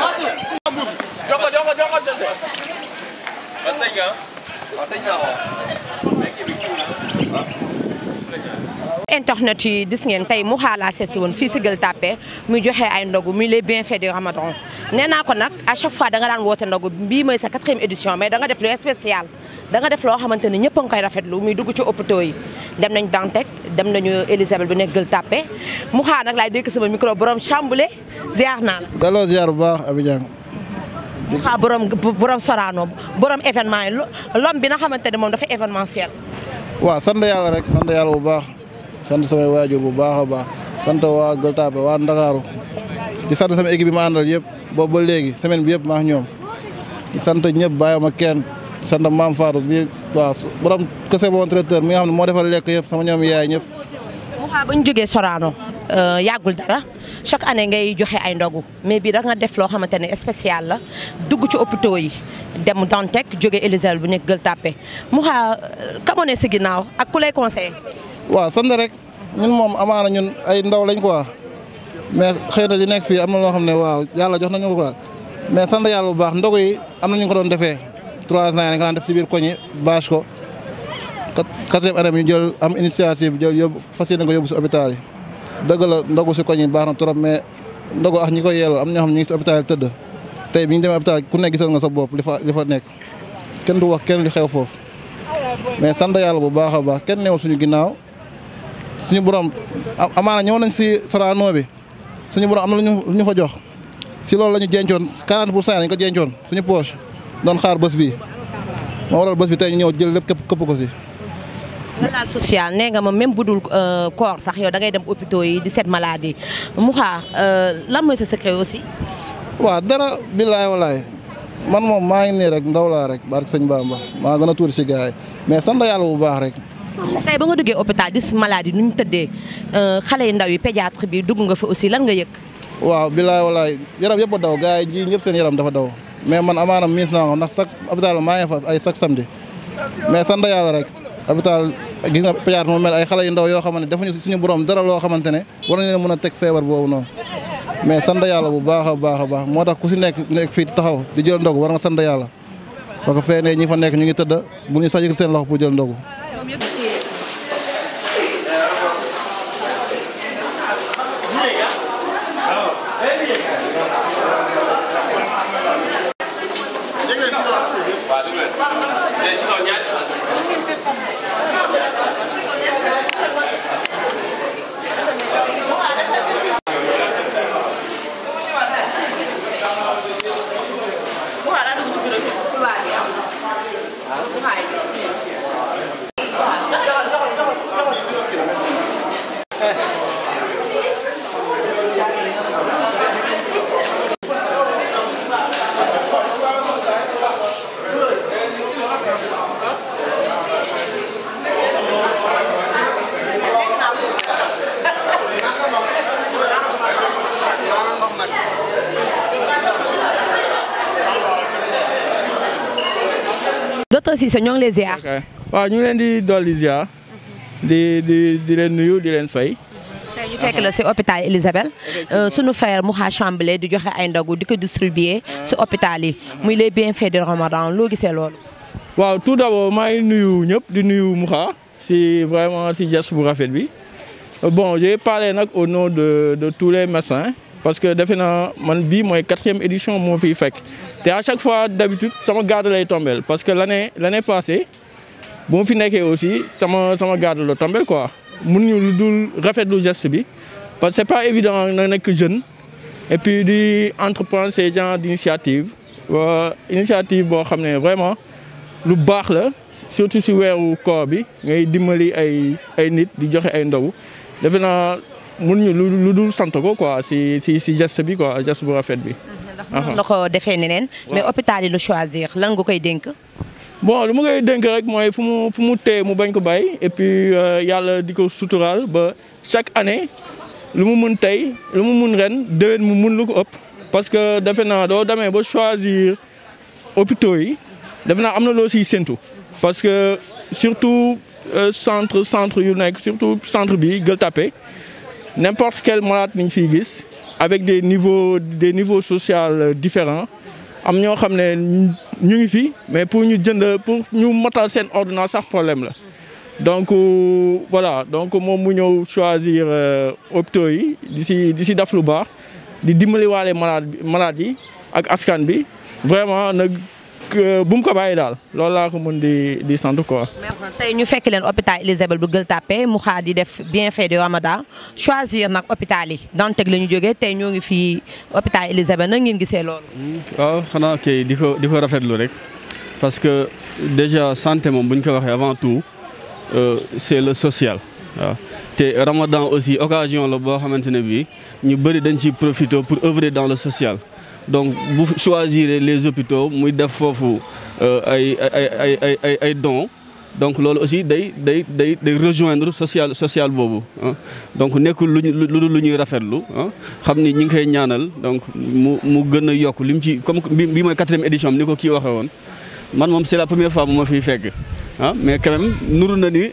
Masu 저거 저거 저거 주세요. 맞다니까. internet yi gis tey mu xaalaa seet si woon fii si Gueule Tapée muy joxe ay ndogu muy les bienfaits du Ramadan nee naa ko nag à chaque fois da nga daan woote ndogu bii mooy sa quatrième édition mais da nga def lu spécial da nga def loo xamante ne ñëpp a ngi koy rafetlu muy dugg ci hôpitaux yi dem nañ Dantec dem nañu Elisabeth bu nekk Gueule Tapée mu xaa nag laay dékk sama micro borom chamboulé ziar naa la. delloo ziar bu baax Abidjan. Mouha borom borom Sorano borom événement yi l'homme bi nga xamante ne moom dafa événementiel. waa sant yàlla rek sant yàlla bu baax sant samay waajur bu baax a baax sant waa Gueule Tapée waa Ndakaaru di sant sama équipe bi ma àndal yëpp boobu ba léegi semaine bi yëpp maa ñoom di sant ñëpp bàyyi ma kenn di sant maam Fatou bi waaw borom kese boo traiteur mi nga xam ne moo defar lekk yëpp sama ñoom yaay ñëpp. Mouha ba ñu jógee Sorano. Euh, yàggul dara chaque année ngay joxe ay ndogu mais bii da nga def loo xamante ne spécial la dugg ci hôpitaux yi dem Dantec jóge Élisabeth bu nekk Gueule Tapée mu xaa kamoo ne si ginnaaw ak ku lay conseillé. waaw sant rek ñun moom amaana ñun ay ndaw lañ quoi mais xëy na li nekk fi am na loo xam ne waaw yàlla jox nañu ko daal mais sant yàlla bu baax ndogu am na ñu ko doon defee trois ans yi nga daan def si biir koñ yi bâche ko quatrième année ñu jël am initiative jël yóbbu fas yéene nga yi. dëgg la ndogu si koñ yi baax na trop mais ndogu ax ñi koy yeeloo am ñoo xam ñu ngi si hôpital tëdd tey bi ñu demee hôpital ku nekk gisal nga sa bopp li fa fa nekk kenn du wax kenn li xew foofu mais sant yàlla bu baax a baax kenn new suñu ginnaaw suñu borom amaana ñëw nañ si Sorano bi suñu borom am na lu ñu fa jox si loolu la ñu jencoon 40 pour cent lañ ko jencoon suñu poche doon xaar bés bi moo waral bés bi tey ñu ñëw jël lépp këpp ko si nga laal social nee nga ma même bu dul euh, koor sax yow da ngay dem hôpitaux yi di seet maladie Mouha euh, lan mooy sa secret aussi. waaw dara billaay walaay man moom maa ngi nii rek ndaw rek barke sëñ Bamba maa gën a tuuri si gars yi mais sant yàlla bu baax rek. tey ba nga duggee hôpital gis maladie nu ñu tëddee euh, xale yu ndaw yi pédiatre bi dugg nga fa aussi lan nga yëg. waaw billaay walaay yaram yëpp a daw gars yi ji ñëpp seen yaram dafa daw mais man amaana miis naa ko ndax chaque hôpital maa ngi ay chaque samedi mais sant hôpital gis nga Payaar moo mel ay xale yu ndaw yoo xamante ne defuñu suñu borom dara loo xamante ne war nañ leen mën a teg feebar boobu noonu mais sant yàlla bu baax a baax a baax moo tax ku si nekk nekk fii taxaw di jël ndogu war nga sant yàlla parce que fee ne ñi fa nekk ñu ngi tëdd mu ñu sax yëkkati seen loxo pour jël ndogu Docteur ñoo ngi lay ziar. waaw ñu leen di dolli di di di di leen fay. tey ñu fekk euh, sunu frère Mouha di joxe ay ndogu di ko distribuer si hôpital yi muy les bienfaits de Ramadan loo gisee loolu. waaw tout d'abord maa ngi nuyu ñëpp di nuyu Mouha si vraiment si geste bu rafet bi bon j'ai nag au nom de de tous les médecins parce que defe naa man bii mooy quatrième édition moo fiy fekk. te à chaque fois d'habitude sama garde lay tombeel parce que l'année l'année passée boo ma fi nekkee aussi sama sama garde la tombeel quoi mënuñu lu dul rafetlu geste bi parce que c'est pas évident na nekk jeune et puis di entreprendre ces genres d'initiative euh, initiative boo xam ne vraiment lu baax la surtout si weeru koor bi ngay dimbali ay ay nit di joxe ay ndaw defe naa mënuñu lu dul sant ko quoi si si si geste bi quoi geste bu rafet bi ndax mënoon na ko defee neneen mais hôpital yi lu choisir lan koy dénk bon lu ma koy dénk rek mooy fu mu fu mu téye mu bañ ko bàyyi et puis euh, yàlla di ko suturaal ba chaque année lu mu mun tey lu mu mun ren déwén mu mun lu ko ëpp parce que defe naa doo demee ba choisir hôpitaux yi defe naa am na loo siy séntu parce que surtout euh, centre centre yu nekk surtout centre bi Gueule Tapée n'importe quel malade niñ fiy gis avec des niveaux des niveaux sociaux différents am ñoo xam ne ñu ngi fi mais pour ñu jënd pour ñu matal seen ordonnance sax problème la donc euh, voilà donc moom mu ñëw choisir euh, hôpitaux yi di si di si daf lu baax di dimbaliwaale malade malade yi ak askan bi vraiment nag Euh, bu mu ko bàyyi daal loolu laa ko mën di di sant quoi. tey ñu fekk leen hôpital Elisabeth bu Gueule Tapée mu xaar di def bienfait di Ramadan choisir nag hôpital yi Dantec la ñu jógee tey ñoo ngi fii hôpital Elisabeth nan ngeen gisee loolu. waaw xanaa kay di ko di ko rafetlu rek parce que déjà sante moom bu ñu ko waxee avant tout euh, c'est le social waaw. te Ramadan aussi occasion la boo xamante ne bii ñu bëri dañ ciy profité pour œuvrer dans le social. donc bu choisir les hôpitaux muy def foofu euh, ay ay ay ay ay ay dons donc loolu aussi day day day day rejoindre sociale sociale boobu donc nekkul lu ñu lu ñuy rafetlu xam ni ñi ngi koy ñaanal donc mu mu gën a yokk li mu ci comme bi mooy quatrième édition ni ko kii waxee woon man moom c'est la première fois bu ma fiy fekk ah mais quand même nuru na ni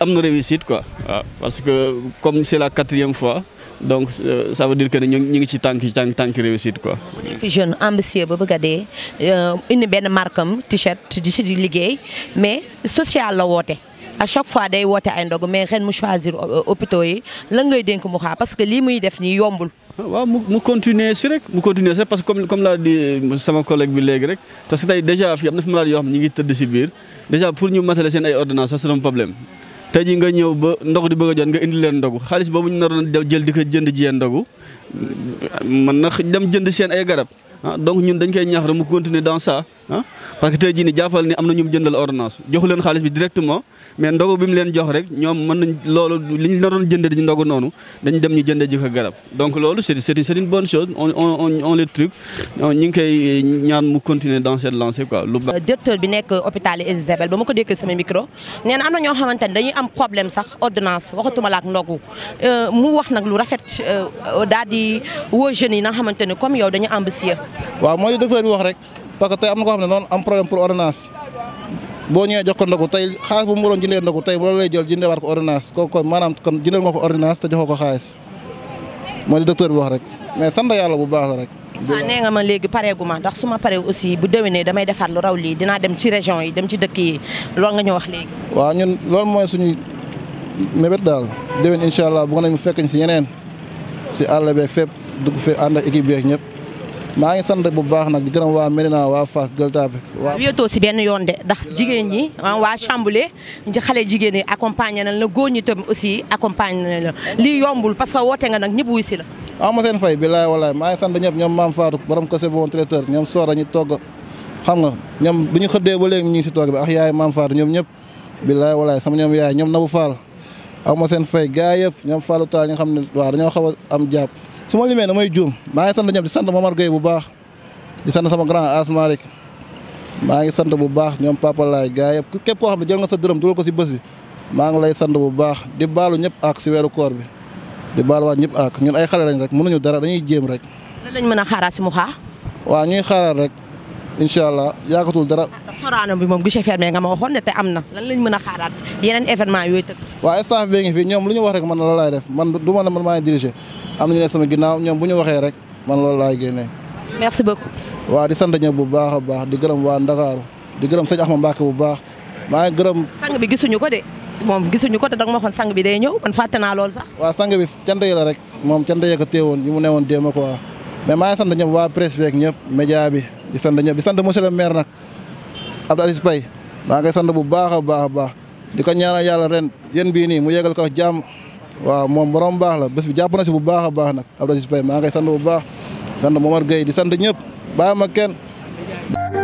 am na réussite quoi waaw parce que comme c'est la quatrième fois donc euh, ça veut dire que ñu ngi ci tànk tànk tànk réussite ko mu nekk jeune ambitieux ba bëgg a dee euh, indi benn markam t-shirt di si liggéey mais social la woote. à chaque fois day woote ay ndog mais ren mu choisir euh, hôpitaux yi la ngay dénk mu xaar parce que lii muy def nii yombul. waaw mu mu continuer si rek mu continuer si rek parce que comme laa di sama collègue bi léegi rek parce que tey déjà fii am na fi malade yoo xam ne ñu ngi tëdd si biir déjà pour ñu matale seen ay ordonnances ça tey ji nga ñëw ba ndog di bëgg a jot nga indi leen ndogu xaalis boobu ñu naroon jël di ko jënd ji yeen ndogu man na dem jënd seen ay garab ah donc ñun dañ koy ñaax rek mu continuer dans ça. ah parce que tey jii ni jàppal ni am na ñu mu jëndal ordonnance joxu leen xaalis bi directement mais ndogu bi mu leen jox rek ñoom mën nañ loolu li ñu naroon jënde ji ndogu noonu dañ dem ñu jënde ji garab donc loolu c'est une bonne chose on on on les ñaan mu continuer dans cette lancée directeur bi nekk hôpital Isabelle ba ma ko dékkee sama micro nee na am na ñoo xamante ne am problème sax ordonnance waxatuma la ak ndogu euh, mu wax nag lu rafet euh, daal di woo jeunes yi nga xamante ne comme yow dañu ambitieux waaw parce que tey am na koo xam ne noonu am problème pour ordonnance boo ñëwee jox ko ndogu tey xaalis bu mu waroon jëndee ndogu tey bu loolu lay jël jëndee waat ko ordonnance kooku kon maanaam kon jëndal nga ko ordonnance te joxoo ko xaalis mooy li docteur bi wax rek mais sant yàlla bu baax rek. Ah, ma léegi pareegu ma ndax su ma paree aussi bu déwénee damay defaat lu raw lii dinaa dem ci région yi dem ci dëkk yi lool nga ñu wax léegi. waaw ñun loolu mooy suñu mébét daal déwén incha allah bëgg nañu fekk si ñeneen si àll fépp dugg fee ànd ak équipe beeg ñëpp maa ngi sant bu baax nag di waa Médina waa Fass Gueule Tapée waa wéetoo si benn yoon de ndax jigéen ñi waa Chamboulé xale jigéen ñi accompagné nañ la góor ñi tam aussi accompagné na la lii yombul parce que woote nga nag ñëpp wuy si la ama seen fay bilaay walaay maa ngi sant ñëpp ñoom Maam Fatou borom kese bon traiteur ñoom soora ñu togg xam nga ñoom bu ñu xëddee ba léegi ñu ngi si togg bi ak yaay Maam Fatou ñoom ñëpp bilaay walaay sama ñoom yaay ñoom Nabou Fall ama seen fay gaa yëpp ñoom Fallou Tall ñi nga xam ne waaw dañoo xaw am jàpp su ma limee damay juum maa ngi sant ñëpp di sant Mamar Gueye bu baax di sant sama grand Asmaric maa ngi sant bu baax ñoom Papa Laay gars yëpp képp koo xam ne jël nga sa dërëm dugal ko si bés bi maa ngi lay sant bu baax di baalu ñëpp ak si weeru koor bi di baaluwaat ñëpp ak ñun ay xale lañ rek ñu dara dañuy jéem rek. lañ mën a xaaraat si mu xaa waa ñuy xaaraat rek incha allah yaakatul dara. Sorano bi moom gi guichet fermé nga ma waxoon ne te am na lan lañ mën a xaaraat yeneen événement yooyu tëgg. waaw staff bi ngi fi ñoom lu ñu wax rek man loolu laay def ma ne man maa ngi dirigé am na ñoom bu ñu waxee rek man loolu laay génnee. merci beaucoup. waaw di sant ñëpp bu baax a baax di gërëm waa Ndakaaru di gërëm sëñ Axma Mbacke bu baax maa gërëm. sang bi gisuñu ko de moom gisuñu ko te danga ma waxoon sang bi day ñëw man fàtte naa loolu sax. waaw sang bi cant yi la rek moom cant yi ko téewoon yi mu newoon déema quoi mais maa ngi sant ñëpp waa presse bi ak ñëpp média bi di sant ñëpp di sant monsieur le maire nag Abdou Aziz Paye maa ngay sant bu baax a baax a baax di ko ñaanal yàlla ren yéen bii nii mu yegal ko jàmm waaw moom borom baax la bés bi jàpp na si bu baax a baax nag Abdou Aziz Paye maa ngay sant bu baax sant Momar Gueye di sant ñëpp bàyyi ma kenn